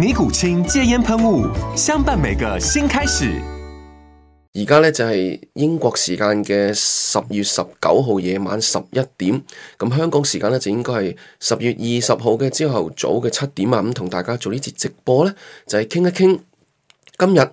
尼古清戒煙噴霧，相伴每個新開始。而家呢，就係英國時間嘅十月十九號夜晚十一點，咁香港時間呢，就應該係十月二十號嘅朝頭早嘅七點啊，咁同大家做呢次直播呢，就係傾一傾今日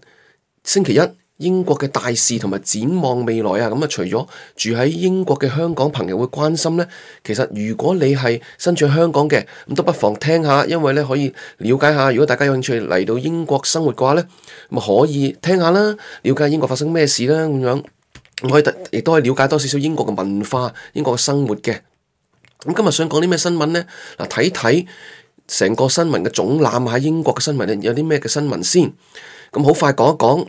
星期一。英國嘅大事同埋展望未來啊，咁啊除咗住喺英國嘅香港朋友會關心呢？其實如果你係身處香港嘅，咁都不妨聽下，因為咧可以了解下。如果大家有興趣嚟到英國生活嘅話呢，咁可以聽下啦，了解英國發生咩事啦，咁樣可以亦都可以了解多少少英國嘅文化、英國嘅生活嘅。咁今日想講啲咩新聞呢？嗱，睇睇成個新聞嘅總覽下英國嘅新聞有啲咩嘅新聞先？咁好快講一講。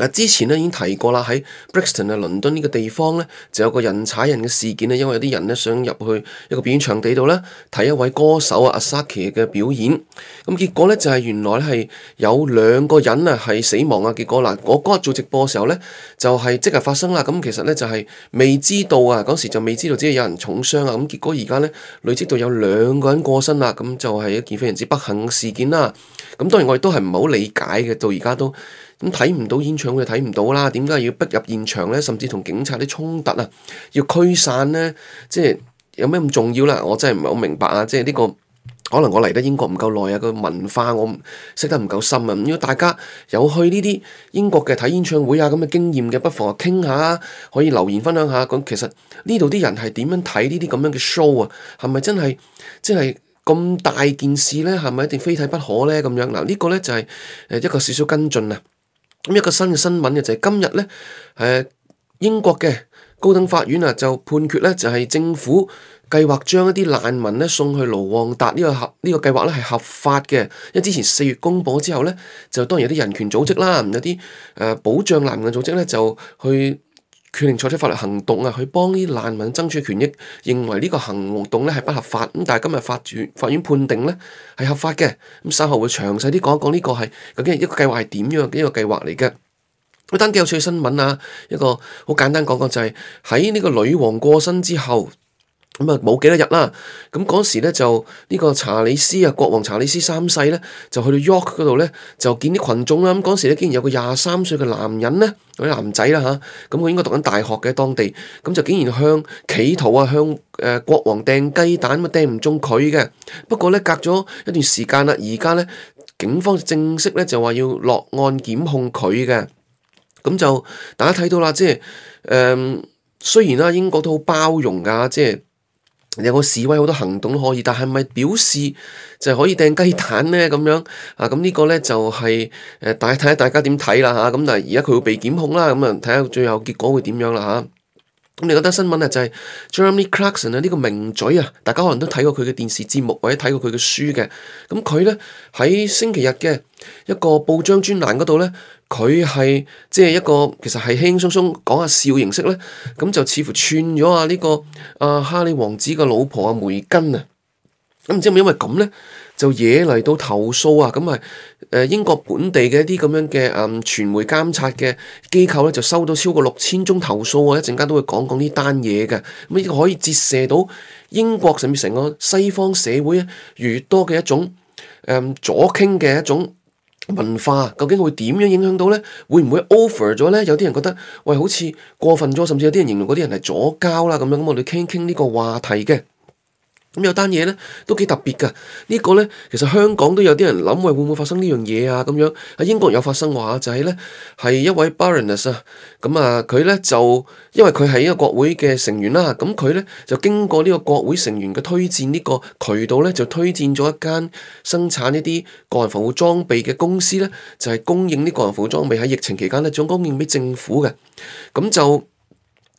嗱，之前咧已經提過啦，喺 Brixton 啊、倫敦呢個地方咧，就有個人踩人嘅事件咧，因為有啲人咧想入去一個表演場地度咧睇一位歌手啊阿 Saki 嘅表演，咁、嗯、結果咧就係、是、原來咧係有兩個人啊係死亡啊結果啦。我嗰日做直播嘅時候咧，就係、是、即日發生啦。咁、嗯、其實咧就係、是、未知道啊，嗰時就未知道，只係有人重傷啊。咁、嗯、結果而家咧累積到有兩個人過身啦，咁、嗯、就係、是、一件非常之不幸嘅事件啦。咁、嗯、當然我亦都係唔係好理解嘅，到而家都。咁睇唔到演唱會睇唔到啦，點解要逼入現場咧？甚至同警察啲衝突啊，要驅散咧，即係有咩咁重要啦？我真係唔係好明白啊！即係呢個可能我嚟得英國唔夠耐啊，個文化我識得唔夠深啊！咁如果大家有去呢啲英國嘅睇演唱會啊咁嘅經驗嘅，不妨啊傾下可以留言分享下。咁其實呢度啲人係點樣睇呢啲咁樣嘅 show 啊？係咪真係即係咁大件事咧？係咪一定非睇不可咧？咁樣嗱，呢個咧就係誒一個少少跟進啊！咁一個新嘅新聞嘅就係今日咧，誒、啊、英國嘅高等法院啊，就判決咧就係、是、政府計劃將一啲難民咧送去盧旺達呢、這個合呢、這個計劃咧係合法嘅，因為之前四月公佈咗之後咧，就當然有啲人權組織啦，有啲誒、呃、保障難民嘅組織咧就去，決定採取法律行動啊，去幫啲難民爭取權益，認為呢個行動咧係不合法咁，但係今日法院法院判定咧係合法嘅，咁稍後會詳細啲講一講呢個係究竟係一個計劃係點樣嘅一個計劃嚟嘅。單幾有趣嘅新聞啊，一個好簡單講講就係喺呢個女王過身之後。咁啊冇幾多日啦，咁嗰時咧就呢個查理斯啊，國王查理斯三世咧就去到 York 嗰度咧，就見啲群眾啦。咁嗰時咧竟然有個廿三歲嘅男人咧，嗰啲男仔啦嚇，咁佢應該讀緊大學嘅當地，咁就竟然向企圖啊，向誒國王掟雞蛋，掟唔中佢嘅。不過咧，隔咗一段時間啦，而家咧警方正式咧就話要落案檢控佢嘅。咁就大家睇到啦，即係誒雖然啦，英國都好包容噶，即係。有個示威好多行動都可以，但係咪表示就係可以掟雞蛋咧咁樣啊？咁、呢個、呢個咧就係、係、誒，呃、睇下大家睇下大家點睇啦嚇。咁、啊、但係而家佢會被檢控啦，咁啊睇下最後結果會點樣啦嚇。啊咁你覺得新聞啊，就係、是、Jeremy Clarkson 啊呢個名嘴啊，大家可能都睇過佢嘅電視節目或者睇過佢嘅書嘅，咁佢咧喺星期日嘅一個報章專欄嗰度咧，佢係即係一個其實係輕鬆鬆講下笑形式咧，咁就似乎串咗、這個、啊呢個阿哈利王子嘅老婆阿梅根啊，咁唔知係咪因為咁咧，就惹嚟到投訴啊，咁係、就是。誒英國本地嘅一啲咁樣嘅誒、嗯、傳媒監察嘅機構咧，就收到超過六千宗投訴啊！一陣間都會講講呢單嘢嘅，咁呢個可以折射到英國甚至成個西方社會越多嘅一種誒、嗯、左傾嘅一種文化，究竟會點樣影響到咧？會唔會 over 咗咧？有啲人覺得喂，好似過分咗，甚至有啲人形容嗰啲人係左膠啦咁樣。咁我哋傾傾呢個話題嘅。咁有單嘢咧，都幾特別噶這個、呢個咧，其實香港都有啲人諗，喂，會唔會發生呢樣嘢啊？咁樣喺英國有發生嘅話，就係、是、咧，係一位 Baroness 啊。咁啊，佢咧就因為佢係一個國會嘅成員啦。咁佢咧就經過呢個國會成員嘅推薦，呢、這個渠道咧就推薦咗一間生產一啲個人防護裝備嘅公司咧，就係、是、供應呢個人防護裝備喺疫情期間咧，將供應俾政府嘅。咁就。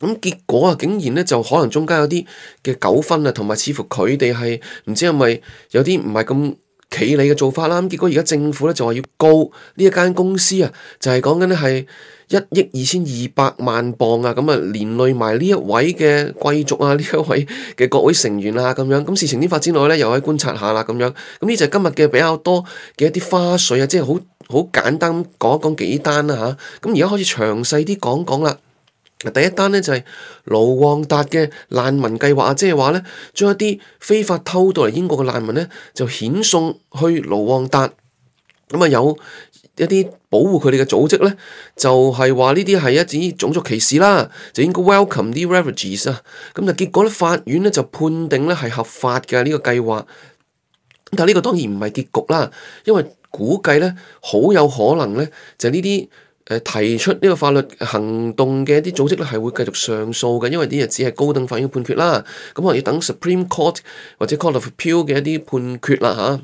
咁結果啊，竟然咧就可能中間有啲嘅糾紛啊，同埋似乎佢哋係唔知係咪有啲唔係咁企理嘅做法啦。咁結果而家政府咧就話要告呢一間公司啊，就係講緊咧係一億二千二百萬鎊啊，咁啊連累埋呢一位嘅貴族啊，呢一位嘅國會成員啊咁樣。咁事情啲發展落去咧又可以觀察下啦咁樣。咁呢就係今日嘅比較多嘅一啲花絮、就是、啊，即係好好簡單講一講幾單啦嚇。咁而家開始詳細啲講講啦。嗱，第一單咧就係、是、盧旺達嘅難民計劃啊，即係話咧將一啲非法偷渡嚟英國嘅難民咧，就遣送去盧旺達。咁、嗯、啊，有一啲保護佢哋嘅組織咧，就係話呢啲係一啲種族歧視啦，就應該 welcome 啲 refugees 啊。咁、嗯、就結果咧，法院咧就判定咧係合法嘅呢、這個計劃。但係呢個當然唔係結局啦，因為估計咧好有可能咧就係呢啲。呃、提出呢個法律行動嘅一啲組織咧，係會繼續上訴嘅，因為啲嘢只係高等法院嘅判決啦。咁可能要等 Supreme Court 或者 Court of Appeal 嘅一啲判決啦嚇。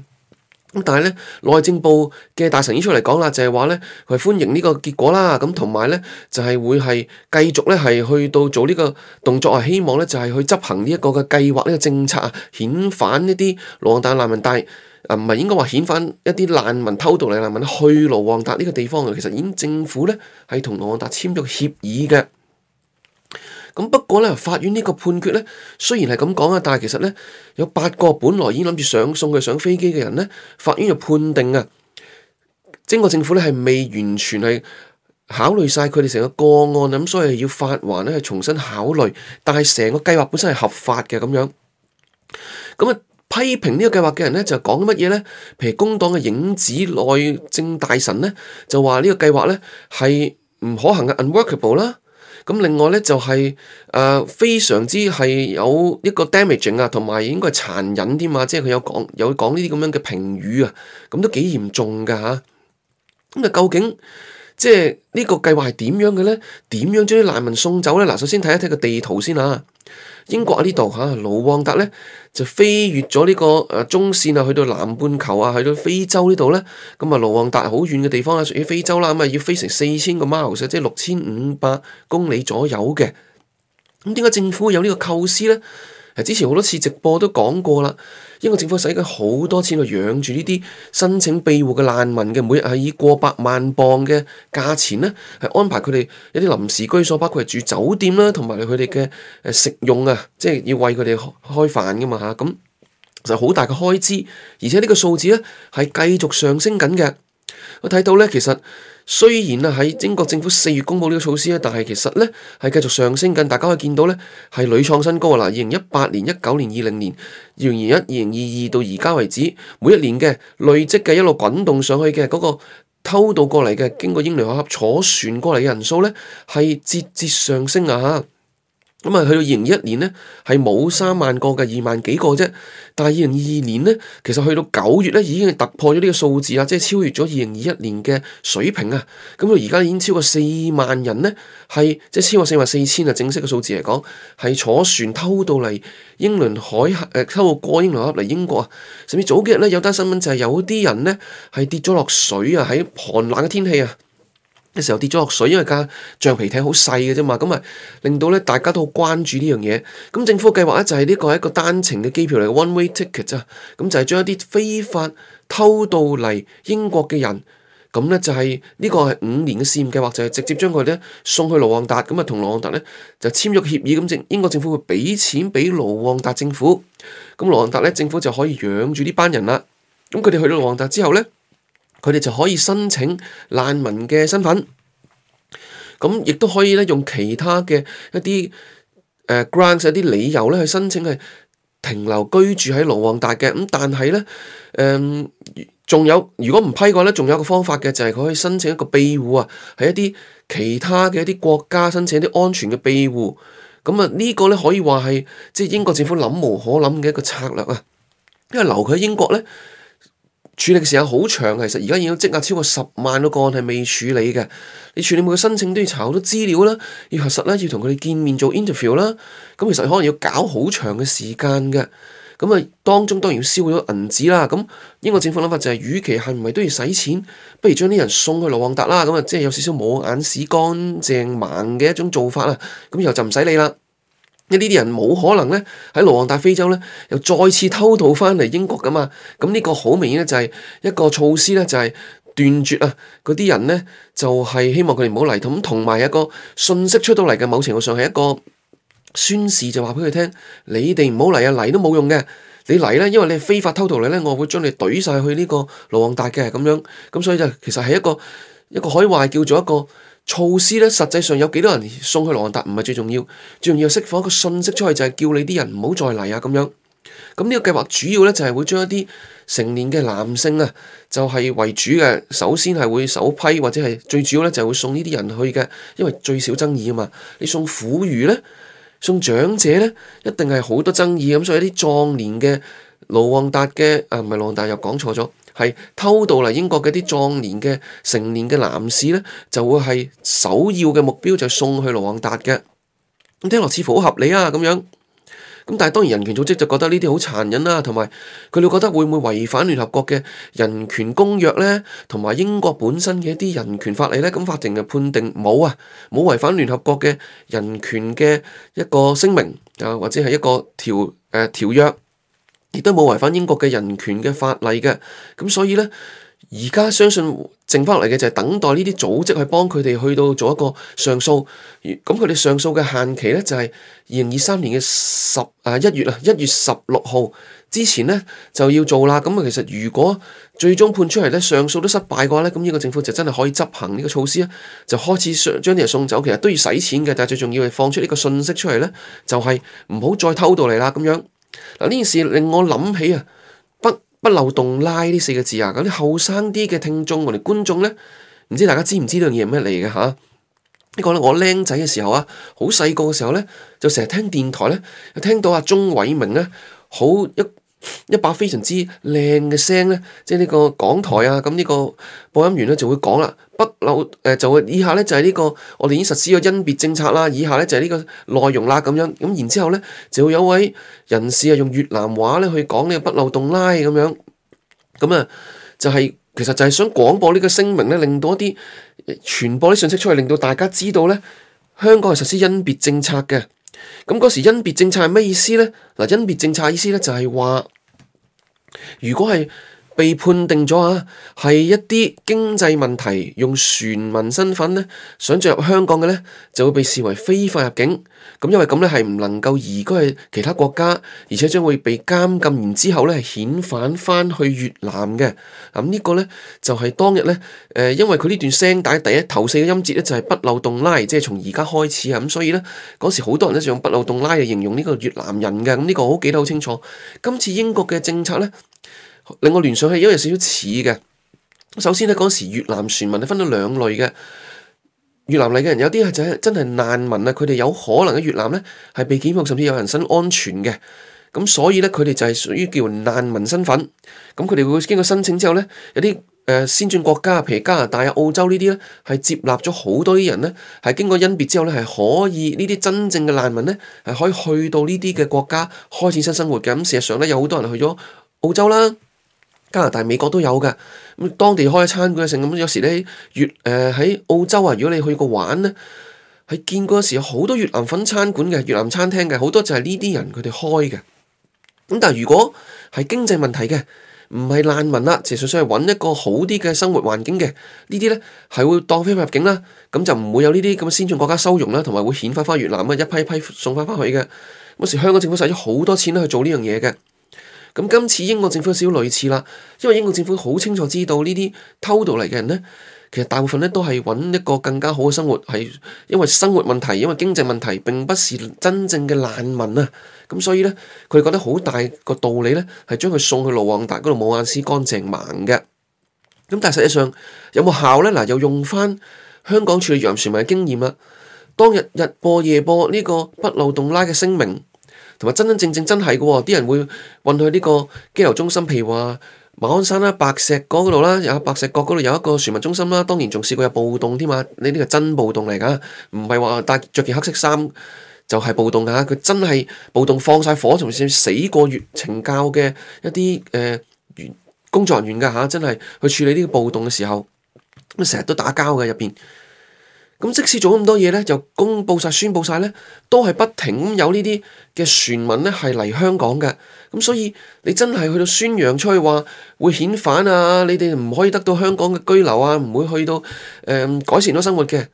咁、啊、但係咧，內政部嘅大臣依出嚟講啦，就係話咧，佢歡迎呢個結果啦。咁同埋咧，就係、是、會係繼續咧係去到做呢個動作啊，希望咧就係、是、去執行呢一個嘅計劃、呢、這個政策啊，遣返呢啲盧旺達難民帶。啊，唔係應該話遣返一啲難民，偷渡嚟難民去盧旺達呢個地方，其實已經政府咧，係同盧旺達簽咗協議嘅。咁不過咧，法院呢個判決咧雖然係咁講啊，但係其實咧有八個本來已經諗住上送佢上飛機嘅人咧，法院就判定啊，經過政府咧係未完全係考慮晒佢哋成個個案啊，咁所以係要發還咧，重新考慮。但係成個計劃本身係合法嘅咁樣，咁啊。批評呢個計劃嘅人咧就講乜嘢咧？譬如工黨嘅影子內政大臣咧就話呢個計劃咧係唔可行嘅 unworkable 啦。咁另外咧就係、是、誒、呃、非常之係有一個 damaging 啊，同埋應該係殘忍添，啊、嘛，即係佢有講有講呢啲咁樣嘅評語啊，咁都幾嚴重噶吓。咁啊，究竟即係呢個計劃係點樣嘅咧？點樣將啲難民送走咧？嗱，首先睇一睇個地圖先吓，啊。英國呢度嚇，盧旺達咧就飛越咗呢個誒中線啊，去到南半球啊，去到非洲呢度咧，咁啊，盧旺達好遠嘅地方啊，屬於非洲啦，咁啊，要飛成四千個 miles 即係六千五百公里左右嘅。咁點解政府有呢個構思咧？之前好多次直播都講過啦，英國政府使咗好多錢去養住呢啲申請庇護嘅難民嘅，每日係以過百萬磅嘅價錢咧，係安排佢哋有啲臨時居所，包括係住酒店啦，同埋佢哋嘅誒食用啊，即係要為佢哋開飯噶嘛，咁就係好大嘅開支，而且呢個數字咧係繼續上升緊嘅。我睇到咧，其實。雖然啊，喺英國政府四月公布呢個措施咧，但係其實咧係繼續上升緊，大家可以見到咧係屢創新高啊！嗱，二零一八年、一九年、二零年，二零二一、二零二二到而家為止，每一年嘅累積嘅一路滾動上去嘅嗰個偷渡過嚟嘅，經過英倫海峽坐船過嚟嘅人數咧，係節節上升啊！吓。咁啊，去到二零二一年呢，係冇三萬個嘅，二萬幾個啫。但係二零二二年呢，其實去到九月呢，已經突破咗呢個數字啊，即係超越咗二零二一年嘅水平啊。咁到而家已經超過四萬人呢，係即係超過四萬四千啊。正式嘅數字嚟講，係坐船偷渡嚟英倫海峽誒、呃，偷渡過英倫峽嚟英國啊。甚至早幾日呢，有單新聞就係有啲人呢，係跌咗落水啊，喺寒冷嘅天氣啊。嘅時候跌咗落水，因為架橡皮艇好細嘅啫嘛，咁啊令到咧大家都好關注呢樣嘢。咁政府計劃咧就係呢個係一個單程嘅機票嚟，one way ticket 啊。咁就係將一啲非法偷渡嚟英國嘅人，咁咧就係、是、呢個係五年嘅試驗計劃，就係、是、直接將佢哋咧送去盧旺達。咁啊同盧旺達咧就簽咗協議，咁政英國政府會俾錢俾盧旺達政府，咁盧旺達咧政府就可以養住呢班人啦。咁佢哋去到盧旺達之後咧。佢哋就可以申請難民嘅身份，咁亦都可以咧用其他嘅一啲誒 grant 一啲理由咧去申請係停留居住喺盧旺達嘅。咁、嗯、但係咧，誒、嗯、仲有如果唔批嘅話咧，仲有一個方法嘅就係、是、佢可以申請一個庇護啊，係一啲其他嘅一啲國家申請一啲安全嘅庇護。咁、嗯、啊、這個、呢個咧可以話係即係英國政府諗無可諗嘅一個策略啊，因為留佢喺英國咧。處理嘅時間好長，其實而家已經積壓超過十萬個個案係未處理嘅。你處理每個申請都要查好多資料啦，要核實啦，要同佢哋見面做 interview 啦。咁其實可能要搞好長嘅時間嘅。咁啊，當中當然要燒咗銀紙啦。咁英國政府諗法就係，與其係唔係都要使錢，不如將啲人送去盧旺達啦。咁啊，即係有少少冇眼屎、乾淨盲嘅一種做法啊。咁以後就唔使理啦。呢啲人冇可能咧喺盧旺達非洲咧又再次偷渡翻嚟英國噶嘛，咁呢個好明顯咧就係一個措施咧就係斷絕啊嗰啲人咧就係、是、希望佢哋唔好嚟，咁同埋一個訊息出到嚟嘅某程度上係一個宣示，就話俾佢聽，你哋唔好嚟啊嚟都冇用嘅，你嚟咧，因為你非法偷渡嚟咧，我會將你懟晒去呢個盧旺達嘅咁樣，咁所以就其實係一個一個可以話叫做一個。措施咧，實際上有幾多人送去盧旺達唔係最重要，最重要釋放一個信息出去就係叫你啲人唔好再嚟啊咁樣。咁呢個計劃主要咧就係會將一啲成年嘅男性啊，就係為主嘅。首先係會首批或者係最主要咧就係會送呢啲人去嘅，因為最少爭議啊嘛。你送婦孺咧，送長者咧，一定係好多爭議咁。所以啲壯年嘅盧旺達嘅啊，唔係盧旺達又講錯咗。係偷渡嚟英國嘅啲壯年嘅成年嘅男士咧，就會係首要嘅目標，就送去盧旺達嘅。咁聽落似乎好合理啊，咁樣。咁但係當然人權組織就覺得呢啲好殘忍啊，同埋佢哋覺得會唔會違反聯合國嘅人權公約咧？同埋英國本身嘅一啲人權法例咧？咁法庭就判定冇啊，冇違反聯合國嘅人權嘅一個聲明啊，或者係一個條誒、呃、條約。亦都冇違反英國嘅人權嘅法例嘅，咁所以呢，而家相信剩翻嚟嘅就係等待呢啲組織去幫佢哋去到做一個上訴，咁佢哋上訴嘅限期呢，就係二零二三年嘅十啊一月啊一月十六號之前呢，就要做啦。咁啊，其實如果最終判出嚟呢，上訴都失敗嘅話呢，咁英國政府就真係可以執行呢個措施啊，就開始將啲人送走。其實都要使錢嘅，但係最重要係放出呢個信息出嚟呢，就係唔好再偷渡嚟啦，咁樣。嗱，呢件事令我諗起啊，不不漏洞拉呢四個字啊，咁啲後生啲嘅聽眾我哋觀眾咧，唔知大家知唔知呢樣嘢係咩嚟嘅吓？呢個咧，我僆仔嘅時候啊，好細個嘅時候咧，就成日聽電台咧，就聽到阿鍾偉明咧，好一一把非常之靚嘅聲咧，即係呢個港台啊，咁呢個播音員咧就會講啦。不漏誒，就會以下咧就係呢個我哋已經實施咗甄別政策啦，以下咧就係呢個內容啦咁樣。咁然之後咧就會有位人士啊用越南話咧去講呢個不漏洞拉咁樣。咁啊就係其實就係想廣播呢個聲明咧，令到一啲傳播啲信息出嚟，令到大家知道咧香港係實施甄別政策嘅。咁嗰時甄別政策係咩意思咧？嗱，甄別政策意思咧就係話如果係。被判定咗啊，係一啲經濟問題，用船民身份咧，想進入香港嘅咧，就會被視為非法入境。咁因為咁咧，係唔能夠移居去其他國家，而且將會被監禁。然之後咧，係遣返翻去越南嘅。咁、嗯這個、呢個咧就係、是、當日咧，誒、呃，因為佢呢段聲帶第一頭四個音節咧就係、是、不漏洞拉，即係從而家開始啊。咁、嗯、所以咧，嗰時好多人咧就用不漏洞拉嚟形容呢個越南人嘅。咁、嗯、呢、這個我好記得好清楚。今次英國嘅政策咧。令我聯想起，因為有少少似嘅。首先呢，嗰時越南船民呢，分咗兩類嘅。越南嚟嘅人有啲係就係真係難民啦，佢哋有可能喺越南呢係被檢控，甚至有人身安全嘅。咁、嗯、所以呢，佢哋就係屬於叫難民身份。咁佢哋會經過申請之後呢，有啲誒、呃、先進國家，譬如加拿大啊、澳洲呢啲呢，係接納咗好多啲人呢。係經過甄別之後呢，係可以呢啲真正嘅難民呢，係可以去到呢啲嘅國家開始新生活嘅。咁、嗯、事實上呢，有好多人去咗澳洲啦。加拿大、美國都有嘅，咁當地開餐館嘅成咁有時咧，越誒喺、呃、澳洲啊，如果你去過玩咧，係見過時有好多越南粉餐館嘅、越南餐廳嘅，好多就係呢啲人佢哋開嘅。咁但係如果係經濟問題嘅，唔係難民啦，其實純想係揾一個好啲嘅生活環境嘅，呢啲咧係會當非法入境啦，咁就唔會有呢啲咁先進國家收容啦，同埋會遣返翻越南咁一批一批送翻翻去嘅。嗰時香港政府使咗好多錢去做呢樣嘢嘅。咁今次英國政府有少少類似啦，因為英國政府好清楚知道呢啲偷渡嚟嘅人呢，其實大部分呢都係揾一個更加好嘅生活，係因為生活問題，因為經濟問題，並不是真正嘅難民啊。咁所以呢，佢覺得好大個道理呢，係將佢送去盧旺達嗰度冇眼屎、乾淨盲、盲嘅。咁但係實際上有冇效呢，嗱，又用翻香港處理越南船民嘅經驗啦。當日日播夜播呢個北漏洞拉嘅聲明。同埋真真正正真係嘅喎，啲人會運去呢個羈留中心，譬如話馬鞍山啦、白石角嗰度啦，白石角嗰度有一個船民中心啦。當年仲試過有暴動添嘛？你呢個真暴動嚟噶，唔係話着件黑色衫就係暴動嚇。佢真係暴動，放晒火同埋死過月懲教嘅一啲誒、呃、工作人員噶吓，真係去處理呢個暴動嘅時候，咁成日都打交嘅入邊。咁即使做咁多嘢呢，就公佈晒、宣佈晒呢，都係不停有呢啲。嘅船民咧，係嚟香港嘅，咁所以你真係去到宣揚出去話會遣返啊，你哋唔可以得到香港嘅居留啊，唔會去到誒、呃、改善咗生活嘅，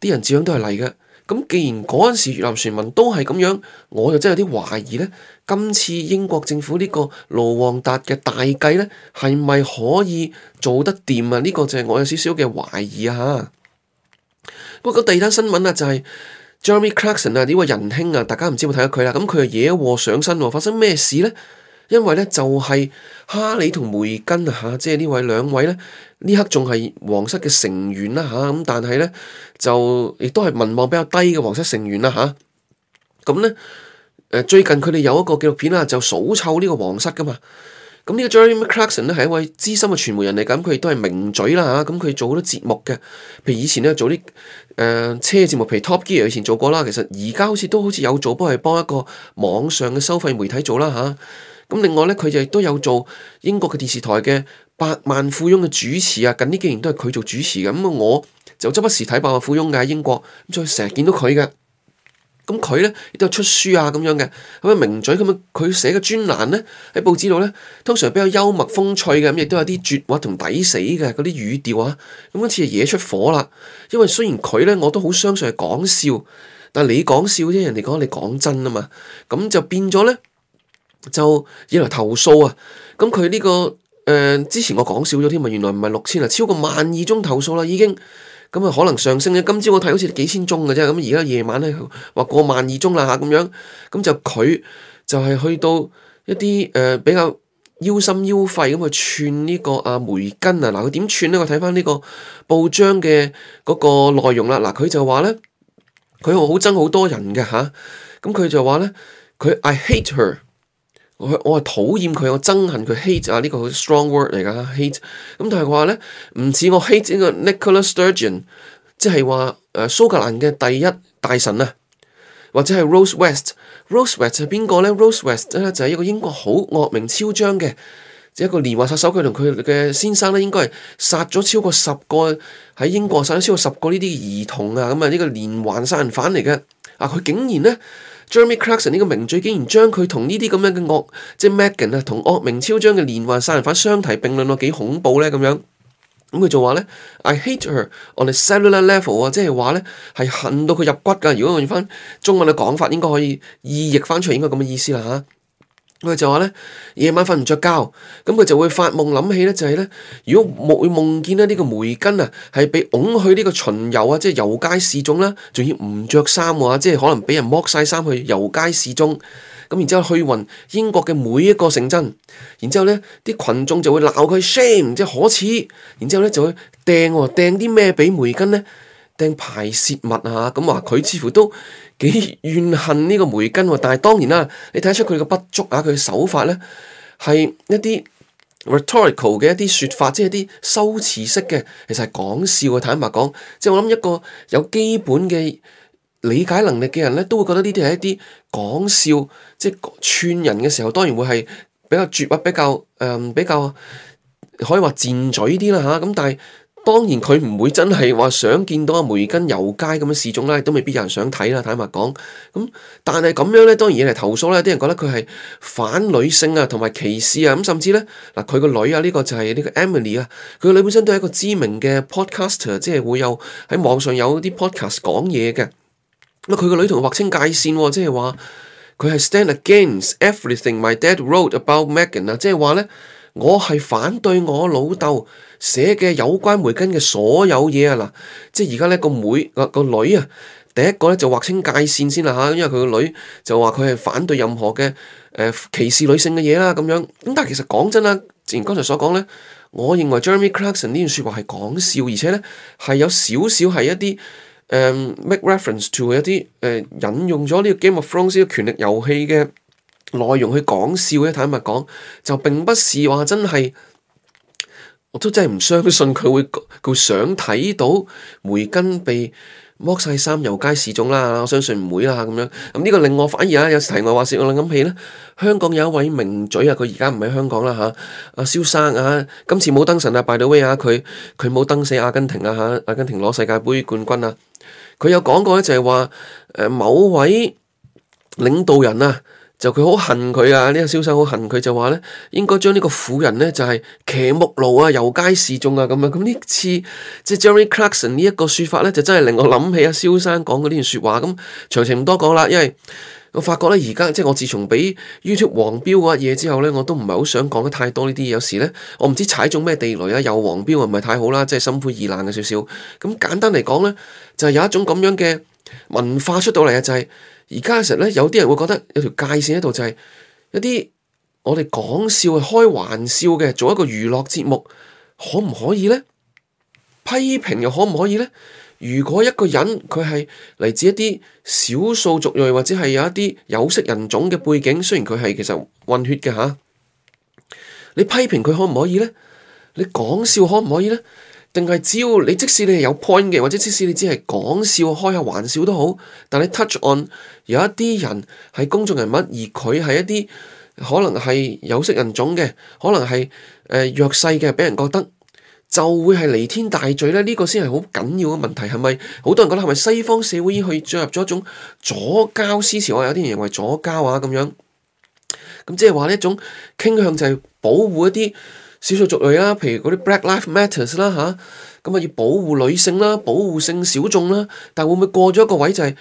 啲人照樣都係嚟嘅。咁既然嗰陣時越南船民都係咁樣，我就真係有啲懷疑呢。今次英國政府呢、這個盧旺達嘅大計呢，係咪可以做得掂、這個、啊？呢、那個就係我有少少嘅懷疑吓。不過第二單新聞啊，就係、是。Jeremy Clarkson 啊，呢位仁兄啊，大家唔知有冇睇到佢啦？咁佢啊惹禍上身，發生咩事呢？因為呢就係哈利同梅根啊，即係呢位兩位呢。呢刻仲係皇室嘅成員啦，吓咁但係呢就亦都係民望比較低嘅皇室成員啦，吓咁咧誒，最近佢哋有一個紀錄片啊，就數臭呢個皇室噶嘛。咁呢個 Jeremy Clarkson 咧係一位資深嘅傳媒人嚟，咁佢亦都係名嘴啦嚇，咁佢做好多節目嘅，譬如以前咧做啲誒、呃、車節目，譬如 Top Gear 以前做過啦，其實而家好似都好似有做，不過係幫一個網上嘅收費媒體做啦嚇。咁、啊、另外咧佢亦都有做英國嘅電視台嘅《百萬富翁》嘅主持啊，近呢幾年都係佢做主持嘅，咁我就周不時睇《百萬富翁》嘅喺英國，咁所以成日見到佢嘅。咁佢咧亦都有出書啊咁樣嘅，咁啊名嘴咁啊，佢寫嘅專欄咧喺報紙度咧，通常比較幽默風趣嘅，咁亦都有啲絕話同抵死嘅嗰啲語調啊。咁嗰次啊惹出火啦，因為雖然佢咧我都好相信係講笑，但係你講笑啫，人哋講你講真啊嘛，咁就變咗咧就惹來投訴啊，咁佢呢個誒、呃、之前我講少咗添啊，原來唔係六千啊，超過萬二宗投訴啦已經。咁啊，可能上升咗。今朝我睇好似幾千宗嘅啫，咁而家夜晚咧，話過萬二宗啦，吓，咁樣，咁就佢就係去到一啲誒、呃、比較腰心腰肺咁去串呢個啊梅根啊。嗱，佢點串咧？我睇翻呢個報章嘅嗰個內容啦。嗱，佢就話咧，佢好憎好多人嘅吓，咁、啊、佢就話咧，佢 I hate her。我我係討厭佢，我憎恨佢，hate 啊呢、這個好 strong word 嚟噶，hate。咁但係話咧，唔似我 hate 呢個 Nicola Sturgeon，即係話誒蘇格蘭嘅第一大臣啊，或者係 Rose West。Rose West 係邊個咧？Rose West 咧就係一個英國好惡名昭彰嘅，就是、一個連環殺手。佢同佢嘅先生咧，應該係殺咗超過十個喺英國殺咗超過十個呢啲兒童啊，咁啊呢個連環殺人犯嚟嘅。啊，佢竟然咧～Jeremy Clarkson 呢個名嘴竟然將佢同呢啲咁樣嘅惡，即係 Megan 啊，同惡名昭彰嘅連環殺人犯相提並論咯，幾恐怖咧咁樣。咁佢就話咧，I hate her on a cellular level 啊，即係話咧係恨到佢入骨噶。如果我用翻中文嘅講法，應該可以意譯翻出嚟，應該咁嘅意思啦吓。佢就話咧，夜晚瞓唔着覺，咁佢就會發夢諗起咧，就係、是、咧，如果夢會夢見咧呢、這個梅根啊，係被拱去呢個巡遊啊，即係遊街示眾啦，仲要唔着衫啊，即係可能俾人剝晒衫去遊街示眾，咁、啊、然之後去勻英國嘅每一個城鎮，然之後咧啲群眾就會鬧佢 shame，即係可恥，然之後咧就會掟掟啲咩俾梅根咧，掟排泄物啊，咁話佢似乎都。幾怨恨呢個梅根喎，但係當然啦，你睇得出佢嘅不足啊，佢手法咧係一啲 rhetorical 嘅一啲説法，即係一啲修辭式嘅，其實係講笑嘅。坦白講，即係我諗一個有基本嘅理解能力嘅人咧，都會覺得呢啲係一啲講笑，即係串人嘅時候，當然會係比較絕啊、比較誒、呃、比較可以話賤嘴啲啦吓。咁但係。當然佢唔會真係話想見到阿梅根遊街咁樣示眾啦，都未必有人想睇啦。坦白講，咁但係咁樣咧，當然嚟投訴咧，啲人覺得佢係反女性啊，同埋歧視啊。咁甚至咧嗱，佢個女啊，呢個就係呢個 Emily 啊，佢個女本身都係一個知名嘅 podcaster，即係會有喺網上有啲 podcast 講嘢嘅。咁佢個女同佢劃清界線，即係話佢係 stand against everything my dad wrote about Meghan 啊，即係話咧我係反對我老豆。寫嘅有關梅根嘅所有嘢啊，嗱，即係而家咧個妹個女啊，第一個咧就劃清界線先啦嚇，因為佢個女就話佢係反對任何嘅誒、呃、歧視女性嘅嘢啦咁樣。咁但係其實講真啦，正如剛才所講咧，我認為 Jeremy Clarkson 呢段説話係講笑，而且咧係有少少係一啲誒、呃、make reference to 一啲誒引用咗呢個 Game of Thrones 嘅權力遊戲嘅內容去講笑嘅。坦白講，就並不是話真係。我都真係唔相信佢會，佢想睇到梅根被剝晒衫遊街示眾啦！我相信唔會啦咁樣。咁呢個令我反而啊有題外話說，我諗起咧，香港有一位名嘴啊，佢而家唔喺香港啦吓，阿蕭生啊，今次冇登神啊，by the way 啊，佢佢冇登死阿根廷啊吓，阿根廷攞世界杯冠軍啊，佢有講過咧就係話誒某位領導人啊。就佢好恨佢啊！呢、這個蕭生好恨佢，就話咧應該將呢個婦人咧就係、是、騎木驢啊遊街示眾啊咁啊！咁呢次即係、就是、Jeremy Clarkson 呢一個說法咧，就真係令我諗起阿、啊、蕭生講嘅呢段話說話咁，詳情唔多講啦，因為我發覺咧而家即係我自從俾 YouTube 黃標嗰一嘢之後咧，我都唔係好想講得太多呢啲嘢。有時咧，我唔知踩中咩地雷啊，又黃標，唔係太好啦，即係心灰意冷嘅少少。咁簡單嚟講咧，就係有一種咁樣嘅。文化出到嚟啊！就係而家嘅時候咧，有啲人會覺得有條界線喺度、就是，就係一啲我哋講笑、開玩笑嘅，做一個娛樂節目，可唔可以呢？批評又可唔可以呢？如果一個人佢係嚟自一啲少數族裔或者係有一啲有色人種嘅背景，雖然佢係其實混血嘅吓，你批評佢可唔可以呢？你講笑可唔可以呢？定係只要你即使你係有 point 嘅，或者即使你只係講笑、開下玩笑都好，但你 touch on 有一啲人係公眾人物，而佢係一啲可能係有色人種嘅，可能係誒、呃、弱勢嘅，俾人覺得就會係彌天大罪咧。呢、這個先係好緊要嘅問題，係咪？好多人覺得係咪西方社會進去、進入咗一種左膠思潮，我有啲人認為左膠啊咁樣，咁即係話一種傾向就係保護一啲。少數族類啦，譬如嗰啲 Black Lives Matters 啦、啊、吓，咁啊要保護女性啦，保護性小眾啦，但會唔會過咗一個位就係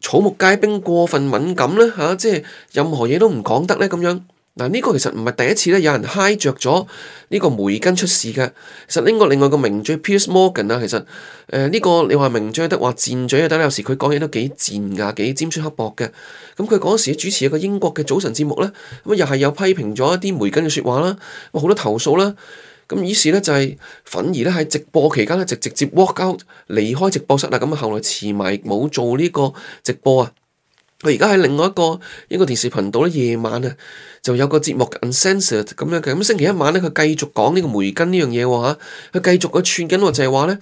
草木皆兵、過分敏感咧吓、啊，即係任何嘢都唔講得咧咁樣。嗱，呢個其實唔係第一次咧，有人嗨着咗呢個梅根出事嘅。其實英國另外個名嘴 Piers Morgan 啊，其實誒呢、呃這個你話名嘴得，嘴話賤嘴啊，得。有時佢講嘢都幾賤啊，幾尖酸刻薄嘅。咁佢嗰時主持一個英國嘅早晨節目咧，咁又係有批評咗一啲梅根嘅説話啦，咁好多投訴啦。咁於是咧就係、是、反而咧喺直播期間咧，就直接 walk out 離開直播室啦。咁後來遲埋冇做呢個直播啊。佢而家喺另外一個一個電視頻道咧，夜晚啊就有個節目 uncensored 咁樣嘅，咁星期一晚咧，佢繼續講呢個梅根呢樣嘢喎嚇，佢繼續個串緊個就係話咧，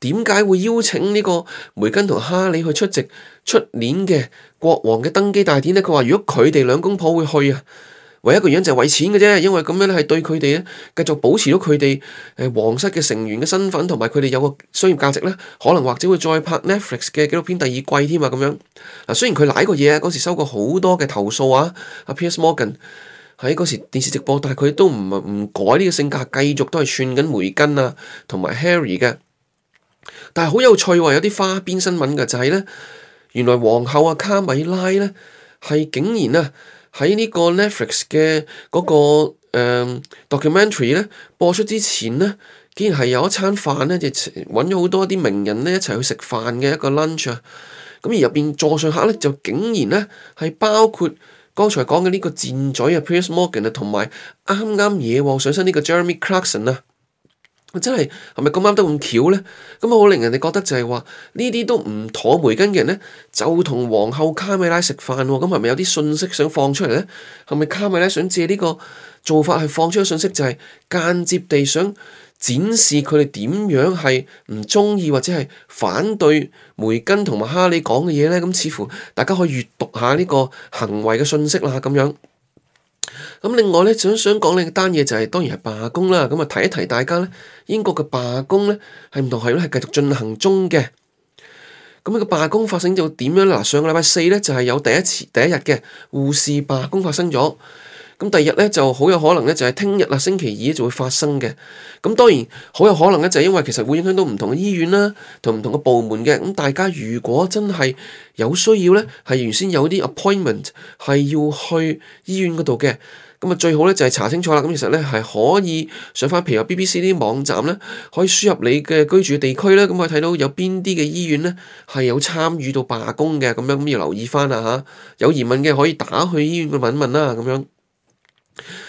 點解會邀請呢個梅根同哈里去出席出年嘅國王嘅登基大典咧？佢話如果佢哋兩公婆會去啊。唯一一個原因就係為錢嘅啫，因為咁樣咧，係對佢哋咧，繼續保持咗佢哋誒皇室嘅成員嘅身份，同埋佢哋有個商業價值咧，可能或者會再拍 Netflix 嘅紀錄片第二季添啊。咁樣啊。雖然佢舐過嘢啊，嗰時收過好多嘅投訴啊，阿 Piers Morgan 喺嗰時電視直播，但係佢都唔唔改呢個性格，繼續都係串緊梅根啊同埋 Harry 嘅。但係好有趣喎，有啲花邊新聞嘅就係、是、咧，原來皇后阿、啊、卡米拉咧係竟然啊！喺、那個 uh, 呢個 Netflix 嘅嗰個誒 documentary 咧播出之前咧，竟然係有一餐飯咧，就揾咗好多啲名人咧一齊去食飯嘅一個 lunch 啊！咁而入邊座上客咧就竟然咧係包括剛才講嘅呢個戰嘴啊 Piers Morgan 啊，同埋啱啱惹禍上身呢個 Jeremy Clarkson 啊。真係係咪咁啱得咁巧呢？咁啊，好令人哋覺得就係話呢啲都唔妥梅根嘅人呢，就同皇后卡米拉食飯哦，咁係咪有啲信息想放出嚟呢？係咪卡米拉想借呢個做法去放出個信息，就是，就係間接地想展示佢哋點樣係唔中意或者係反對梅根同埋哈利講嘅嘢呢？咁似乎大家可以閱讀下呢個行為嘅信息啦，咁樣。咁另外咧，想想講呢個單嘢就係、是、當然係罷工啦。咁啊，提一提大家咧，英國嘅罷工咧係唔同係啦，係繼續進行中嘅。咁、那、呢個罷工發生咗點樣？嗱，上個禮拜四咧就係有第一次第一日嘅護士罷工發生咗。咁第二日咧就好有可能咧就係聽日啦，星期二就會發生嘅，咁當然好有可能咧就係、是、因為其實會影響到唔同嘅醫院啦，同唔同嘅部門嘅，咁大家如果真係有需要咧，係原先有啲 appointment 係要去醫院嗰度嘅，咁啊最好咧就係、是、查清楚啦，咁其實咧係可以上翻譬如話 BBC 啲網站咧，可以輸入你嘅居住地區啦，咁可以睇到有邊啲嘅醫院咧係有參與到罷工嘅，咁樣，咁要留意翻啦吓，有疑問嘅可以打去醫院去問一問啦，咁樣。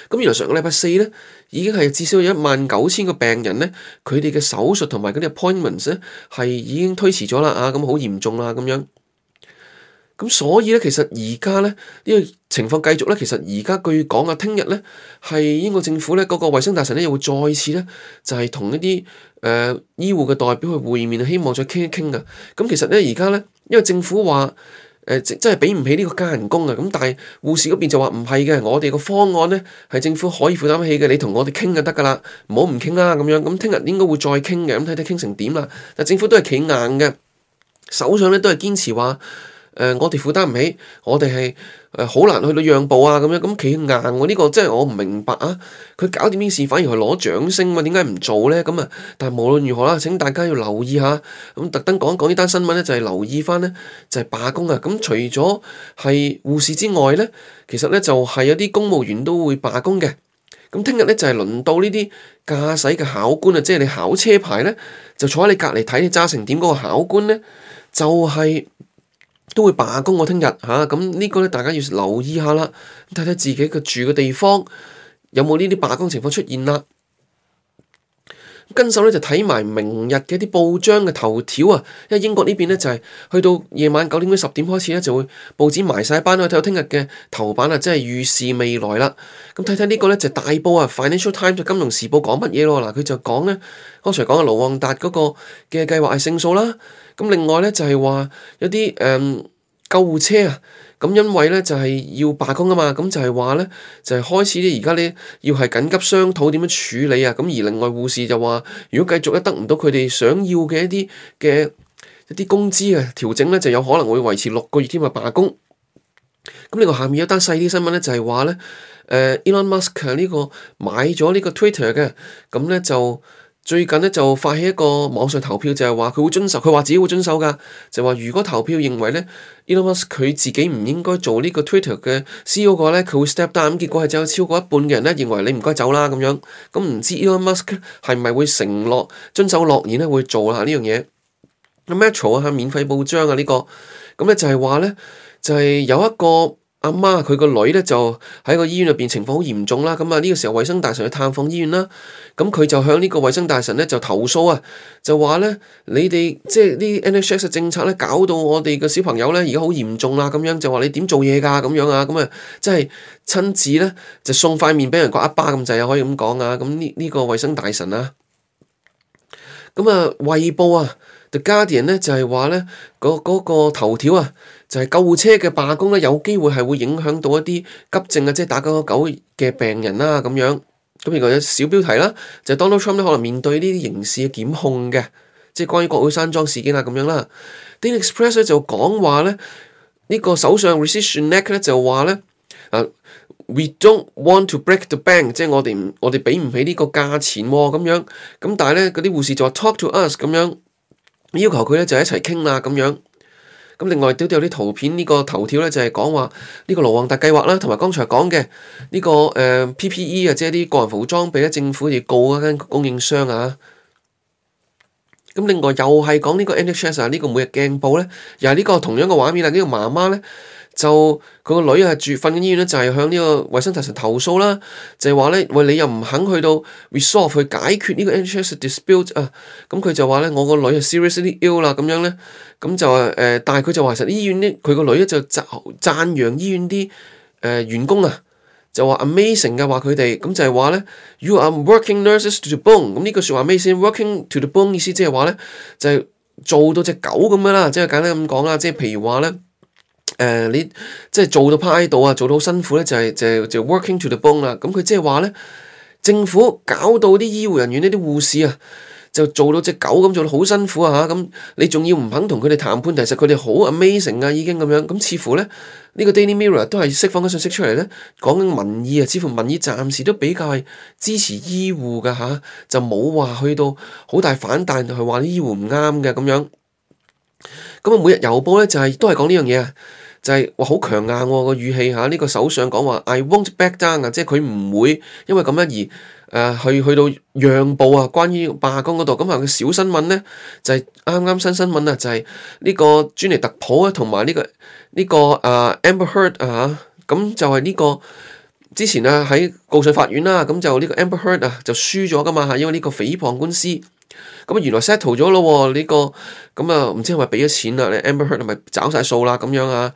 咁原來上個禮拜四咧，已經係至少有一萬九千個病人咧，佢哋嘅手術同埋嗰啲 appointments 咧，係已經推遲咗啦，啊，咁好嚴重啦，咁樣。咁所以咧，其實而家咧呢、呢個情況繼續咧，其實而家據講啊，聽日咧係英國政府咧嗰個衛生大臣咧又會再次咧就係、是、同一啲誒、呃、醫護嘅代表去會面，希望再傾一傾噶。咁、嗯、其實咧而家咧，因為政府話。誒即係俾唔起呢個加人工啊！咁但係護士嗰邊就話唔係嘅，我哋個方案咧係政府可以負擔得起嘅，你同我哋傾就得㗎啦，唔好唔傾啦咁樣。咁聽日應該會再傾嘅，咁睇睇傾成點啦。但政府都係企硬嘅，首相咧都係堅持話。誒，uh, 我哋負擔唔起，我哋係誒好難去到讓步啊，咁樣咁企硬喎、啊，呢、這個真係我唔明白啊！佢搞掂啲事反而係攞掌聲啊，點解唔做咧？咁啊，但係無論如何啦，請大家要留意下，咁特登講一講呢單新聞咧，就係、是、留意翻咧，就係、是、罷工啊！咁除咗係護士之外咧，其實咧就係有啲公務員都會罷工嘅。咁聽日咧就係、是、輪到呢啲駕駛嘅考官啊，即、就、係、是、你考車牌咧，就坐喺你隔離睇你揸成點嗰個考官咧，就係、是。都會罷工，我聽日嚇，咁、這、呢個咧，大家要留意下啦，睇睇自己嘅住嘅地方有冇呢啲罷工情況出現啦。跟手咧就睇埋明日嘅啲報章嘅頭條啊，因為英國邊呢邊咧就係、是、去到夜晚九點到十點開始咧就會報紙埋晒班去睇下聽日嘅頭版啊，真係預示未來啦。咁睇睇呢個咧就是、大報啊《Financial Times》金融時報講乜嘢咯？嗱，佢就講咧，剛才講阿盧旺達嗰個嘅計劃係勝訴啦。咁另外咧就係、是、話有啲誒、嗯、救護車啊。咁因為咧就係要罷工啊嘛，咁就係話咧就係、是、開始咧而家咧要係緊急商討點樣處理啊，咁而另外護士就話如果繼續一得唔到佢哋想要嘅一啲嘅一啲工資嘅調整咧，就有可能會維持六個月添啊罷工。咁另外下面一單細啲新聞咧，就係話咧，誒、呃、Elon Musk 呢、呢個買咗呢個 Twitter 嘅，咁咧就。最近咧就發起一個網上投票，就係話佢會遵守，佢話自己會遵守㗎。就話如果投票認為咧、e、Elon Musk 佢自己唔應該做呢個 Twitter 嘅 CEO 嘅話咧，佢會 step down。咁結果係只有超過一半嘅人咧認為你唔該走啦咁樣。咁唔知 Elon Musk 係咪會承諾遵守諾言咧會做啊呢樣嘢。阿 Metro 啊，免費報章啊呢個咁咧就係話咧就係、是、有一個。阿媽佢個女咧就喺個醫院入邊情況好嚴重啦，咁啊呢個時候衛生大臣去探訪醫院啦，咁佢就向呢個衛生大臣咧就投訴啊，就話咧你哋即係呢 NHS 嘅政策咧搞到我哋嘅小朋友咧而家好嚴重啦，咁樣就話你點做嘢噶咁樣啊，咁啊即係親自咧就送塊面俾人刮一巴咁滯啊，可以咁講啊，咁呢呢個衛生大臣啊，咁啊衛報啊 The Guardian 咧就係話咧嗰嗰個頭條啊。就係救護車嘅罷工咧，有機會係會影響到一啲急症啊，即係打九九九嘅病人啦咁樣。咁如果有小標題啦，就是、Donald Trump 咧可能面對呢啲刑事嘅檢控嘅，即係關於國會山莊事件啊咁樣啦。Daily Express 咧就講話咧，這個、呢個首相 Rishi Sunak 咧就話咧，啊，We don't want to break the bank，即係我哋我哋俾唔起呢個價錢喎、哦、咁樣。咁但係咧嗰啲護士就話 Talk to us 咁樣，要求佢咧就一齊傾啦咁樣。咁另外都都有啲圖片，呢個頭條呢就係講話呢個盧旺達計劃啦，同埋剛才講嘅呢個誒 PPE 啊，即係啲個人防護裝備，政府好似告一間供應商啊。咁另外又係講呢個 NHS 啊，呢個每日鏡報呢，又係呢個同樣嘅畫面啦，呢個媽媽呢。就佢個女啊住瞓緊醫院咧，就係向呢個衛生大臣投訴啦，就係話咧，喂，你又唔肯去到 resolve 去解決呢個 NHS dispute 啊，咁、嗯、佢就話咧，我個女 ser 啊 seriously ill 啦咁樣咧，咁就誒，但係佢就話其實醫院啲佢個女咧就讚讚揚醫院啲誒、呃、員工啊，就話 amazing 嘅話佢哋，咁、嗯、就係話咧 you are working nurses to the bone，咁呢句説話 amazing working to the bone 意思即係話咧就呢、就是、做到隻狗咁樣啦，即、就、係、是、簡單咁講啦，即、就、係、是、譬如話咧。誒，uh, 你即係做到趴喺度啊，做到好辛苦咧，就係、是、就係、是、就是、working to the bone 啦、啊。咁、嗯、佢即係話咧，政府搞到啲醫護人員呢啲護士啊，就做到隻狗咁，做到好辛苦啊！吓、嗯、咁，你仲要唔肯同佢哋談判？其實佢哋好 amazing 啊，已經咁樣。咁、嗯、似乎咧，呢、這個 Daily Mirror 都係釋放咗信息出嚟，咧，講緊民意啊。似乎民意暫時都比較係支持醫護噶吓，就冇話去到好大反彈，係話啲醫護唔啱嘅咁樣。咁、嗯、啊，每日郵報咧就係、是、都係講呢樣嘢啊。就係、是、哇好強硬個、哦、語氣吓，呢、啊這個首相講話 I won't back down 啊，即係佢唔會因為咁樣而誒、呃、去去到讓步啊，關於罷工嗰度。咁啊，佢小新聞咧就係啱啱新新聞啊，就係、是、呢個尊尼特普、這個這個、啊，同埋呢個呢個啊 Amber Heard 啊吓，咁就係呢個之前啊喺告上法院啦，咁就呢個 Amber Heard 啊就輸咗噶嘛吓，因為呢個誹謗官司，咁原來 settle 咗咯呢個，咁啊唔知係咪俾咗錢啊你 Amber Heard 係咪找晒數啦咁樣啊？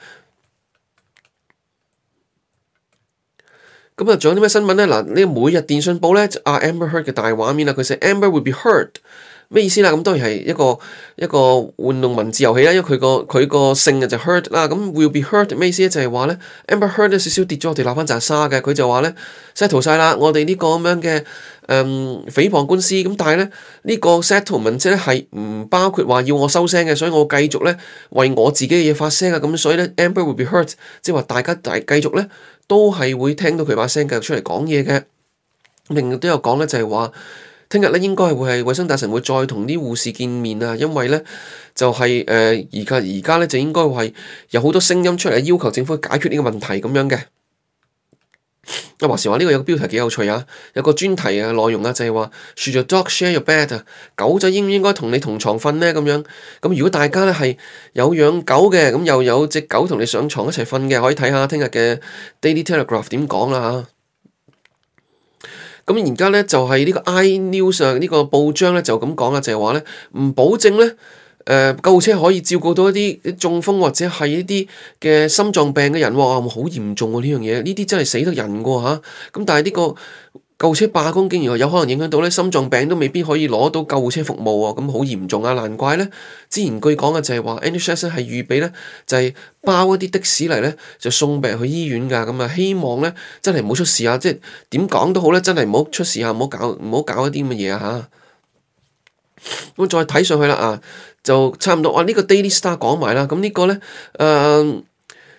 咁又仲有啲咩新聞咧？嗱，呢個每日電訊報咧，阿 Amber Heard 嘅大畫面啦，佢寫 Amber will be heard 咩意思啦？咁當然係一個一個玩弄文字遊戲啦，因為佢個佢個姓就 heard 啦，咁 will be heard 咩意思呢？就係、是、話咧，Amber Heard 咧少少跌咗，我哋立翻扎沙嘅，佢就話咧 settle 曬啦，我哋呢個咁樣嘅誒誹謗官司，咁但係咧呢、這個 settle 文字咧係唔包括話要我收聲嘅，所以我繼續咧為我自己嘅嘢發聲啊，咁所以咧 Amber will be heard 即係、就、話、是、大家大繼續咧。都係會聽到佢把聲繼續出嚟講嘢嘅，另外都有講咧，就係話聽日咧應該係會係衞生大臣會再同啲護士見面啊，因為咧就係誒而家而家咧就應該係有好多聲音出嚟要求政府解決呢個問題咁樣嘅。話時話，呢個有個標題幾有趣啊，有個專題嘅內容啊，就係話 Should your dog share your bed？狗仔應唔應該同你同床瞓呢？咁樣，咁如果大家咧係有養狗嘅，咁又有隻狗同你上床一齊瞓嘅，可以睇下聽日嘅 Daily Telegraph 點講啦吓。咁而家咧就係呢個 I News 上呢個報章咧就咁講啦，就係話咧唔保證咧。誒、呃，救護車可以照顧到一啲中風或者係一啲嘅心臟病嘅人、哦，哇，好嚴重喎呢樣嘢，呢啲真係死得人噶吓。咁、啊、但係呢個救護車罷工，竟然有可能影響到咧心臟病都未必可以攞到救護車服務啊，咁、嗯、好嚴重啊！難怪咧，之前據講嘅就係話 NHS 係預備咧就係、是、包一啲的士嚟咧就送病人去醫院噶，咁啊希望咧真係唔好出事，好出事，事啊！即係點講都好咧，真係唔好出事啊，唔好搞唔好搞一啲咁嘅嘢吓。咁再睇上去啦啊！就差唔多，哇、啊！呢、這個 Daily Star 講埋啦，咁、這個、呢個咧，誒、呃，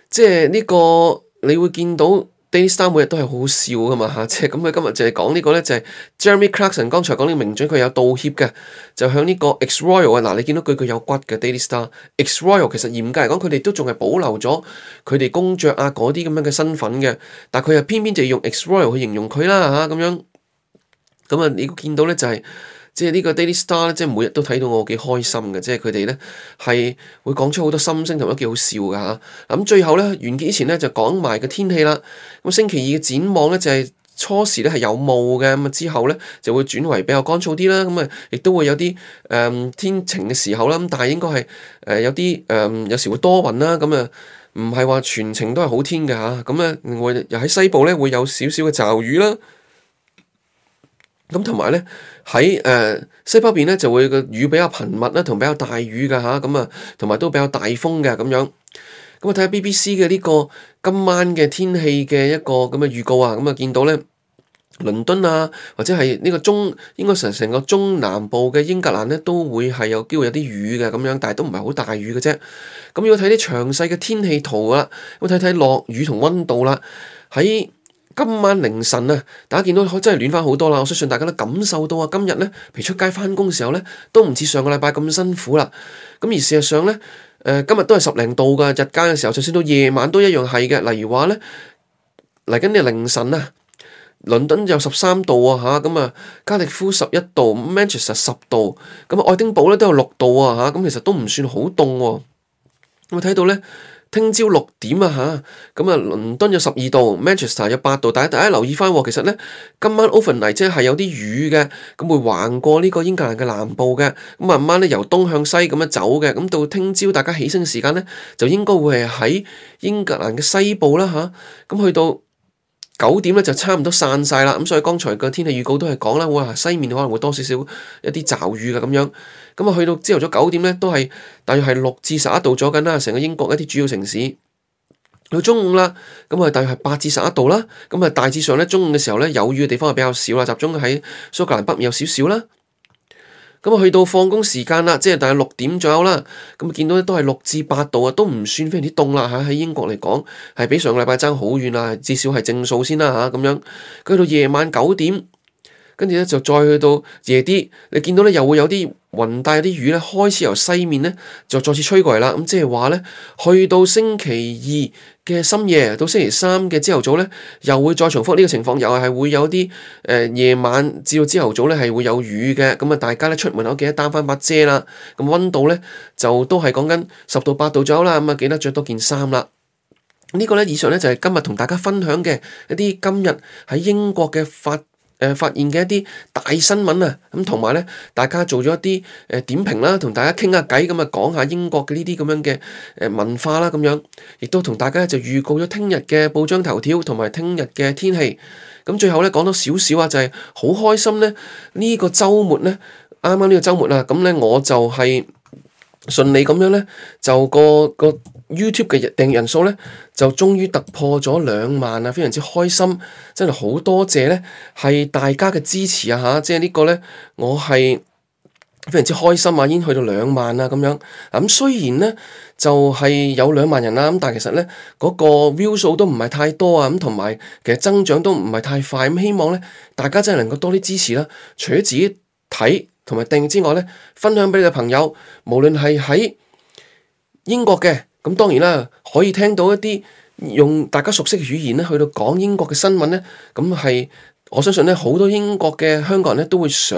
即係呢、這個你會見到 Daily Star 每日都係好笑噶嘛吓、啊，即係咁佢今日就係講呢個咧，就係、是、Jeremy Clarkson 剛才講呢個名嘴佢有道歉嘅，就向呢個 Ex Royal 啊，嗱你見到句句有骨嘅 Daily Star，Ex Royal 其實嚴格嚟講，佢哋都仲係保留咗佢哋公爵啊嗰啲咁樣嘅身份嘅，但係佢又偏偏就要用 Ex Royal 去形容佢啦吓，咁、啊、樣，咁、嗯、啊你見到咧就係、是。即係呢個 Daily Star 咧，即係每日都睇到我幾開心嘅，即係佢哋咧係會講出好多心聲同埋都幾好笑嘅嚇。咁、啊、最後咧，完結之前咧就講埋個天氣啦。咁星期二嘅展望咧就係、是、初時咧係有霧嘅，咁之後咧就會轉為比較乾燥啲啦。咁啊，亦都會有啲誒、呃、天晴嘅時候啦。咁但係應該係誒有啲誒、呃、有時會多雲啦。咁啊，唔係話全程都係好天嘅嚇。咁咧另外又喺西部咧會有少少嘅驟雨啦。咁同埋咧喺誒西北邊咧就會個雨比較頻密啦，同比較大雨㗎吓。咁啊同埋都比較大風嘅咁樣。咁啊睇下 BBC 嘅呢個今晚嘅天氣嘅一個咁嘅預告啊，咁啊見到咧，倫敦啊或者係呢個中應該成成個中南部嘅英格蘭咧都會係有機會有啲雨嘅咁樣，但係都唔係好大雨嘅啫。咁要睇啲詳細嘅天氣圖啦，咁我睇睇落雨同溫度啦，喺。今晚凌晨啊，大家見到真係暖翻好多啦！我相信大家都感受到啊，今日咧，譬如出街翻工嘅時候咧，都唔似上個禮拜咁辛苦啦。咁而事實上咧，誒、呃，今日都係十零度噶，日間嘅時候，就算到夜晚都一樣係嘅。例如話咧，嚟緊啲凌晨啊，倫敦有十三度啊，吓咁啊，加迪夫十一度，Manchester 十度，咁啊，愛丁堡咧都有六度啊，吓咁其實都唔算好凍。我睇到咧。聽朝六點啊嚇，咁啊倫敦有十二度，Manchester 有八度，但係大家留意翻，其實咧今晚 on and off 嚟即係有啲雨嘅，咁會橫過呢個英格蘭嘅南部嘅，咁慢慢咧由東向西咁樣走嘅，咁到聽朝大家起身嘅時間咧就應該會係喺英格蘭嘅西部啦嚇，咁、啊、去到九點咧就差唔多散曬啦，咁所以剛才嘅天氣預告都係講啦，哇西面可能會多少少一啲驟雨嘅咁樣，咁去到朝頭早九點咧都係大約係六至十一度左右啦，成個英國一啲主要城市，到中午啦，咁啊大約係八至十一度啦，咁大致上咧中午嘅時候咧有雨嘅地方係比較少啦，集中喺蘇格蘭北面有少少啦。咁去到放工時間啦，即係大概六點左右啦。咁啊，見到都係六至八度啊，都唔算非常之凍啦吓。喺英國嚟講，係比上個禮拜爭好遠啦，至少係正數先啦吓。咁樣，去到夜晚九點，跟住咧就再去到夜啲，你見到咧又會有啲。雲帶啲雨咧，開始由西面咧就再次吹過嚟啦。咁即係話咧，去到星期二嘅深夜到星期三嘅朝頭早咧，又會再重複呢個情況，又係會有啲誒、呃、夜晚至到朝頭早咧係會有雨嘅。咁啊，大家咧出門口記得擔翻把遮啦。咁溫度咧就都係講緊十到八度左右啦。咁啊，記得着多件衫啦。這個、呢個咧以上咧就係、是、今日同大家分享嘅一啲今日喺英國嘅發誒、呃、發現嘅一啲大新聞啊，咁同埋咧，大家做咗一啲誒、呃、點評啦，同大家傾下偈，咁啊講下英國嘅呢啲咁樣嘅誒、呃、文化啦，咁樣，亦都同大家就預告咗聽日嘅報章頭條同埋聽日嘅天氣。咁最後咧講多少少啊，點點就係、是、好開心咧！呢、這個周末咧，啱啱呢個周末啦，咁咧我就係順利咁樣咧，就個個。YouTube 嘅日訂人數咧，就終於突破咗兩萬啊！非常之開心，真係好多謝咧，係大家嘅支持啊！嚇、啊，即係呢個咧，我係非常之開心啊，已經去到兩萬啦咁樣。咁、啊、雖然咧，就係、是、有兩萬人啦，咁但係其實咧，嗰、那個 view 數都唔係太多啊，咁同埋其實增長都唔係太快。咁、啊、希望咧，大家真係能夠多啲支持啦、啊，除咗自己睇同埋訂之外咧，分享俾你嘅朋友，無論係喺英國嘅。咁當然啦，可以聽到一啲用大家熟悉嘅語言咧，去到講英國嘅新聞咧，咁係我相信咧，好多英國嘅香港人咧都會想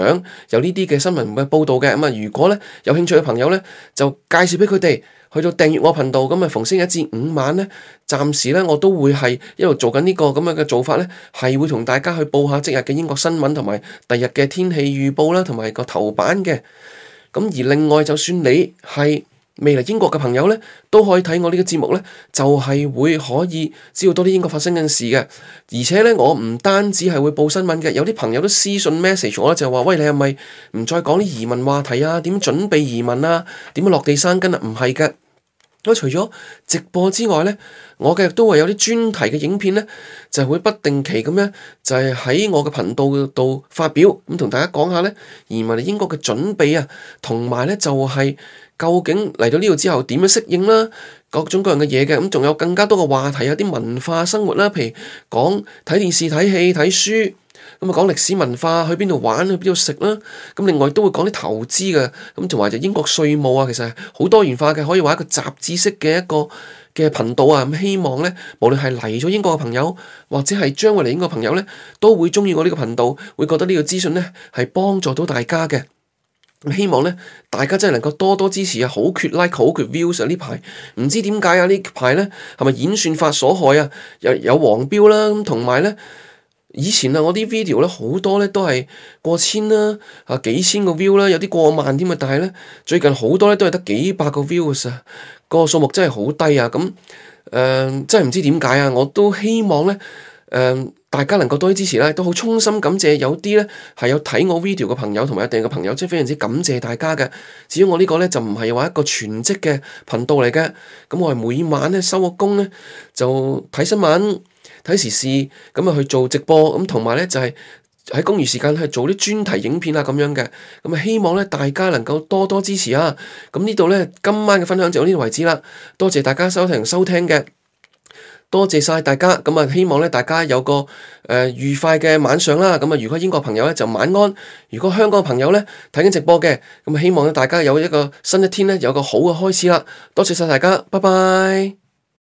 有呢啲嘅新聞嘅報導嘅。咁啊，如果咧有興趣嘅朋友咧，就介紹俾佢哋去到訂閱我頻道。咁啊，逢星期一至五晚咧，暫時咧我都會係一路做緊、這、呢個咁樣嘅做法咧，係會同大家去報下即日嘅英國新聞同埋第日嘅天氣預報啦，同埋個頭版嘅。咁而另外，就算你係未來英國嘅朋友呢，都可以睇我呢個節目呢就係會可以知道多啲英國發生嘅事嘅。而且呢，我唔單止係會報新聞嘅，有啲朋友都私信 message 我咧，就係話：喂，你係咪唔再講啲移民話題啊？點準備移民啊？點樣落地生根啊？唔係嘅。除咗直播之外呢，我嘅都係有啲專題嘅影片呢，就係會不定期咁樣，就係喺我嘅頻道度發表，咁同大家講下呢，移民嚟英國嘅準備啊，同埋呢就係。究竟嚟到呢度之後點樣適應啦？各種各樣嘅嘢嘅，咁仲有更加多嘅話題啊！啲文化生活啦，譬如講睇電視、睇戲、睇書，咁啊講歷史文化，去邊度玩，去邊度食啦。咁另外都會講啲投資嘅，咁同埋就英國稅務啊，其實好多元化嘅，可以話一個雜誌式嘅一個嘅頻道啊。咁希望呢，無論係嚟咗英國嘅朋友，或者係將會嚟英國嘅朋友呢，都會鍾意我呢個頻道，會覺得呢個資訊呢係幫助到大家嘅。希望咧，大家真係能夠多多支持啊！好缺 like，好缺 views 啊！呢排唔知點解啊，排呢排咧係咪演算法所害啊？又有，有黃標啦，同埋咧，以前啊，我啲 video 咧好多咧都係過千啦，啊幾千個 view 啦、啊，有啲過萬添啊！但係咧最近好多咧都係得幾百個 views 啊，個數目真係好低啊！咁誒、呃、真係唔知點解啊！我都希望咧誒。呃大家能夠多啲支持咧，都好衷心感謝。有啲咧係有睇我 video 嘅朋友，同埋一定嘅朋友，即係非常之感謝大家嘅。至於我個呢個咧，就唔係話一個全職嘅頻道嚟嘅。咁我係每晚咧收個工咧，就睇新聞、睇時事，咁啊去做直播，咁同埋咧就係、是、喺公餘時間去做啲專題影片啊咁樣嘅。咁啊，希望咧大家能夠多多支持啊！咁呢度咧今晚嘅分享就到呢度為止啦。多謝大家收聽收聽嘅。多謝曬大家，咁希望大家有個愉快嘅晚上啦。咁啊，如果英國朋友就晚安；如果香港朋友咧睇緊直播嘅，咁希望大家有一個新一天咧有一個好嘅開始啦。多謝曬大家，拜拜。